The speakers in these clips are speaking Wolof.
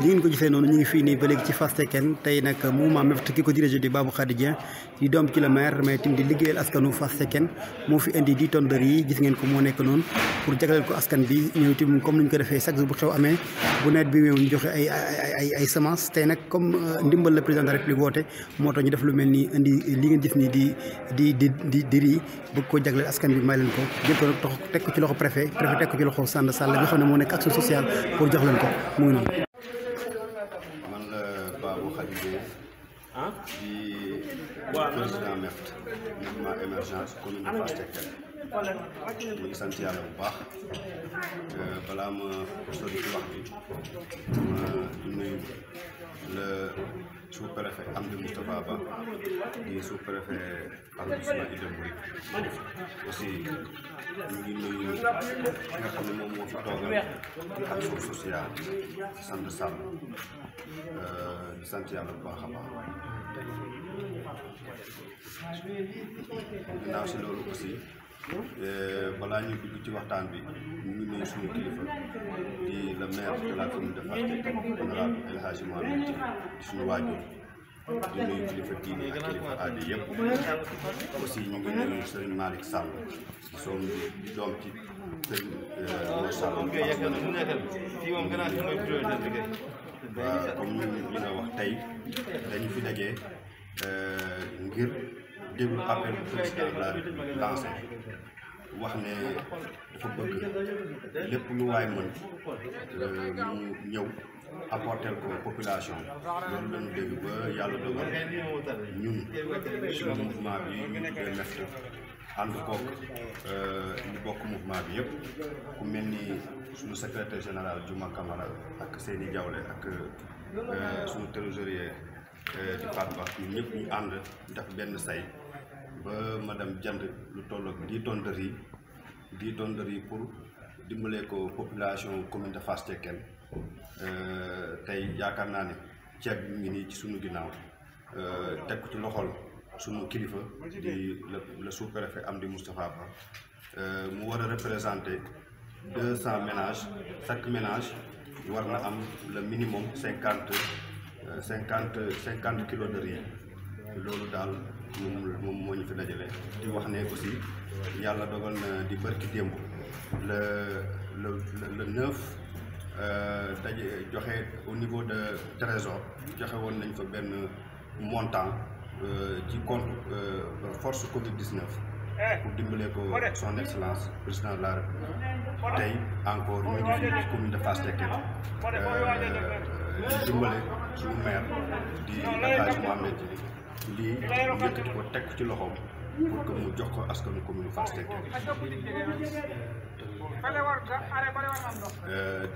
li ngeen ko gisee noonu ñu ngi fii nii ba léegi ci Fass Cekkeen tey nag mouvement MEFT ki ko dirigé di Babou Khady Dieng di doom ci la maire mais tim di liggéeyal askanu Fass Cekkeen moo fi indi 10 tonnes de riz yi ko moo nekk noonu pour jagleel ko askan bi ñëw tim defee chaque jour bu xew amee ay semence tey nag comme euh, ndimbal la président de la république moo tax ñu def lu mel nii indi li ngeen gis nii di di di di di riz bëgg koo jagleel askan bi may leen ko jël ko nag teg ko ci loxo préfet préfet teg ko ci loxo Sanda Sall nga xam ne moo nekk action sociale pour jox leen ko mu ngi noonu Khady Diouf ah di président MEF mouvement émergence commune de Fass Cekkeen ñu ngi sant yàlla bu baax euh, balaa ma sori ci wax bi ma nuyu le sous-préfet Amdi Moustapha Ba di sous-préfet arrondissement Ida Mouride aussi ñu ngi nuyu nga xam ne moom moo fi toogal ak social sant di euh, sant yàlla bu baax a si loolu aussi euh, balaa ñu dugg ci waxtaan bi ñu suñu kilifa di le maire de la commune de Fass Cekkeen honorable El Hadji Malick Dia di suñu waajur di nuyu kilifa diine ak kilifa aada yëpp aussi ñu ngi nuyu sëriñ Malick Sall soom di doom ci sëriñ euh, Mor comme ñu ñu nga wax tey dañu fi dajee euh, ngir déglu appel bu président la République wax ne dafa bëgg lépp lu waay mën euh, ñëw apporter ko population loolu lañu dégg ba yàlla dogal ñun suñu mouvement bi ñu de mexte ànd kook euh, ñu bokk mouvement bi yëpp ku mel ni suñu secretaire général Juma Camara ak seeni Diawle ak euh, suñu trésorier euh, di Fatou Ba ñun ñëpp ñu ànd def benn say ba madame jand lu tolloog dix tonnes de riz pour dimbalee ko population commune de Fass Cekkeen Euh, tey yaakaar naa ne ceeb mu ngi nii ci suñu ginnaaw euh, teg ko ci loxol sunu kilifa di le sous-préfet Amdi Moustapha Ba euh, mu war a représenter deux cent ménages chaque ménage war na am le minimum cinquante cinquante cinquante kilos loolu daal moom moo ñu fi dajale di wax ne aussi yàlla dogal na di barki démb le le le neuf Euh, daje joxe au niveau de trésor joxe woon nañ fa benn montant euh, ci compte euh, force Covid 19 pour dimbalee ko son excellence président la République tey encore ñu ngi fii commune de Fass Thiéckene di dimbale suñu maire di Alhaji Mohamed Djily lii ko teg ci loxoom pour que mu jox ko askanu commune Fass Thiéckene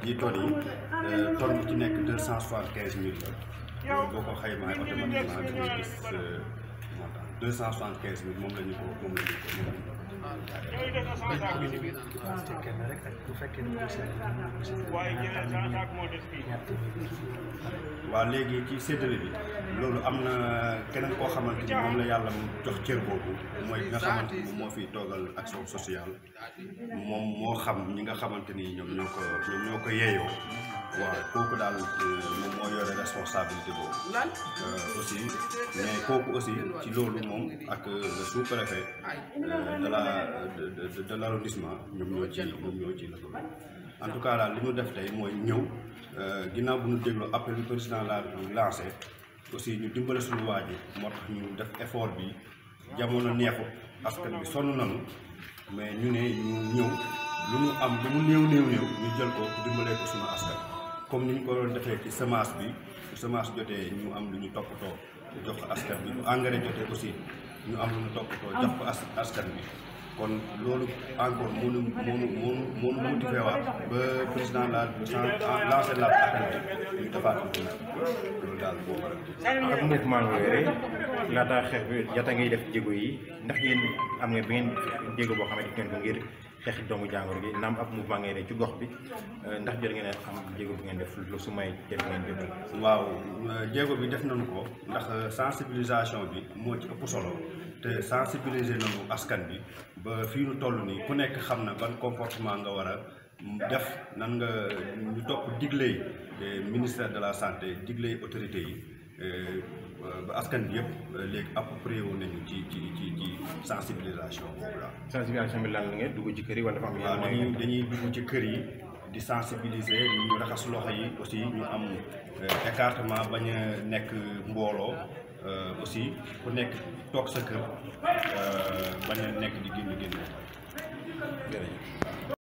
dix tonnes yi tonne ci nekk deux cent soixante quinze mille la boo ko xaymaa automatiquement da ngay gis euh, montant deux cent soixante quinze mille moom la ñu ko moom la ñu waa léegi ci séddale bi loolu am na keneen koo xamante ni moom la yàlla jox cër boobu mooy nga xamante ni moo fi toogal action sociale moom moo xam ñi nga xamante ni ñoom ñoo ko ñoo ko yeeyoo. waaw kooku daal euh, moom moo yore responsabilité boobu. Euh, aussi mais kooku aussi ci loolu moom ak euh, le sous-préfet de la de de l'arrondissement ñoom ñoo ci ñoom ñoo ci lëkkaloo. en tout cas daal li ñu def tey mooy ñëw ginnaaw bu ñu déglu appel bi président la lancé aussi ñu dimbale suñu waa ji moo tax ñu def effort bi jamono neexut askan bi sonn nañu mais ñu ne ñu ñëw lu ñu am lu mu néew néew néew ñu jël ko dimbalee ko suñu askan. comme ni ñu ko doon defee ci semence bi su semence jotee ñu am lu ñu toppatoo jox ko askan bi bu engrais jotee aussi ñu am lu ñu toppatoo jox ko askan bi kon loolu encore moo ñu moo ñu moo ñu motivé waat ba président la lancé la appel ñu defaat loolu daal boo ko rek. ak mouvement xeex bi jota ngay def jéego yi ndax yéen am nga bi ngeen jéego boo xam ne def ngeen ko ngir. xeex doomu jàngoro gi naam ab mu ngay ne ci gox bi euh, ndax jot ngeen xam jéego bi ngeen def lu su may def ngeen jot waaw euh, jéego bi def nañu ko ndax euh, sensibilisation bi moo ci ëpp solo te sensibiliser nañu askan bi ba fii nu toll nii ku nekk xam na ban comportement nga war a def nan nga ñu topp digley ministère de la santé digley autorités yi ba askan bi yëpp léegi approprié wu nañu ci ci ci sensibilisation la. sensibilisation bi lan la ngeen dugg ci kër yi wala dafa am. waaw dañuy dañuy dugg ci kër yi di sensibiliser ñu raxas loxo yi aussi ñu am euh, écartement bañ a nekk mbooloo euh, aussi ku nekk toog sa kër euh, bañ a nekk di génn génn. jërëjëf.